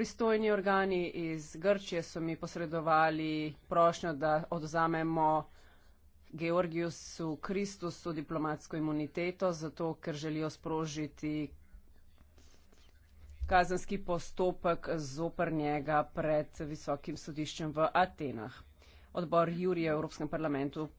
Pristojni organi iz Grčije so mi posredovali prošnjo, da odzamemo Georgiusu Kristusu diplomatsko imuniteto, zato ker želijo sprožiti kazenski postopek zoper njega pred visokim sodiščem v Atenah. Odbor Jurija v Evropskem parlamentu